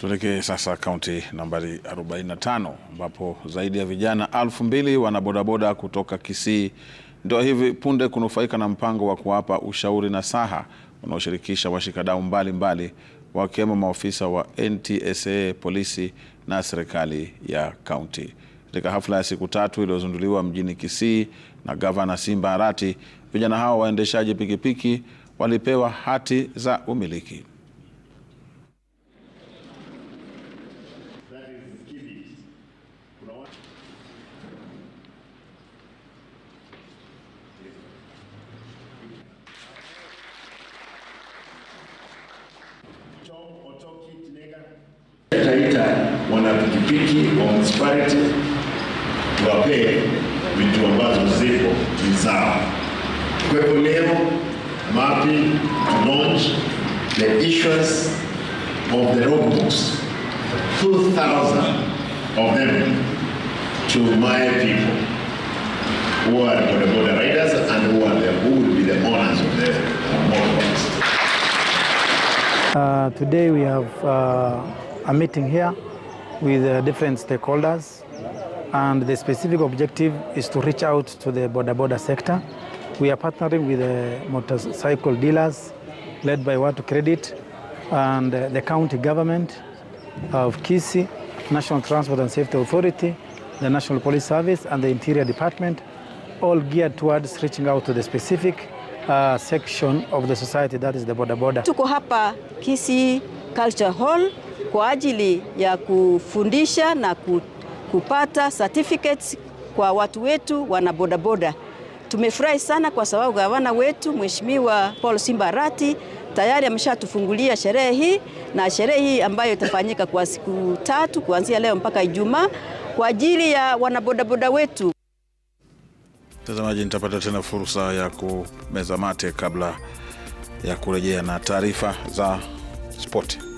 Tuelekee sasa kaunti nambari 45 ambapo zaidi ya vijana elfu mbili wanabodaboda kutoka Kisii ndio hivi punde kunufaika na mpango wa kuwapa ushauri na saha unaoshirikisha washikadau mbalimbali wakiwemo maofisa wa NTSA, polisi na serikali ya kaunti. Katika hafla ya siku tatu iliyozinduliwa mjini Kisii na Gavana Simba Arati, vijana hao waendeshaji pikipiki walipewa hati za umiliki. mwenyekiti wa municipality tuwapee vitu ambazo zipo ni zao. Kwepo leo mapi to launch the issuance of the road books 2000 of them to my people who are the border riders and who are the, who will be the owners of the motorbikes. Uh, today we have uh, a meeting here with uh, different stakeholders. And the specific objective is to reach out to the border border sector. We are partnering with the uh, motorcycle dealers led by Watu Credit and uh, the county government of Kisi, National Transport and Safety Authority, the National Police Service and the Interior Department, all geared towards reaching out to the specific uh, section of the society that is the border border. Tuko hapa Kisi Culture Hall kwa ajili ya kufundisha na kupata certificates kwa watu wetu wana bodaboda. Tumefurahi sana kwa sababu gavana wetu Mheshimiwa Paul Simba Arati tayari ameshatufungulia sherehe hii na sherehe hii ambayo itafanyika kwa siku tatu kuanzia leo mpaka Ijumaa kwa ajili ya wanabodaboda wetu. Mtazamaji, nitapata tena fursa ya kumeza mate kabla ya kurejea na taarifa za spoti.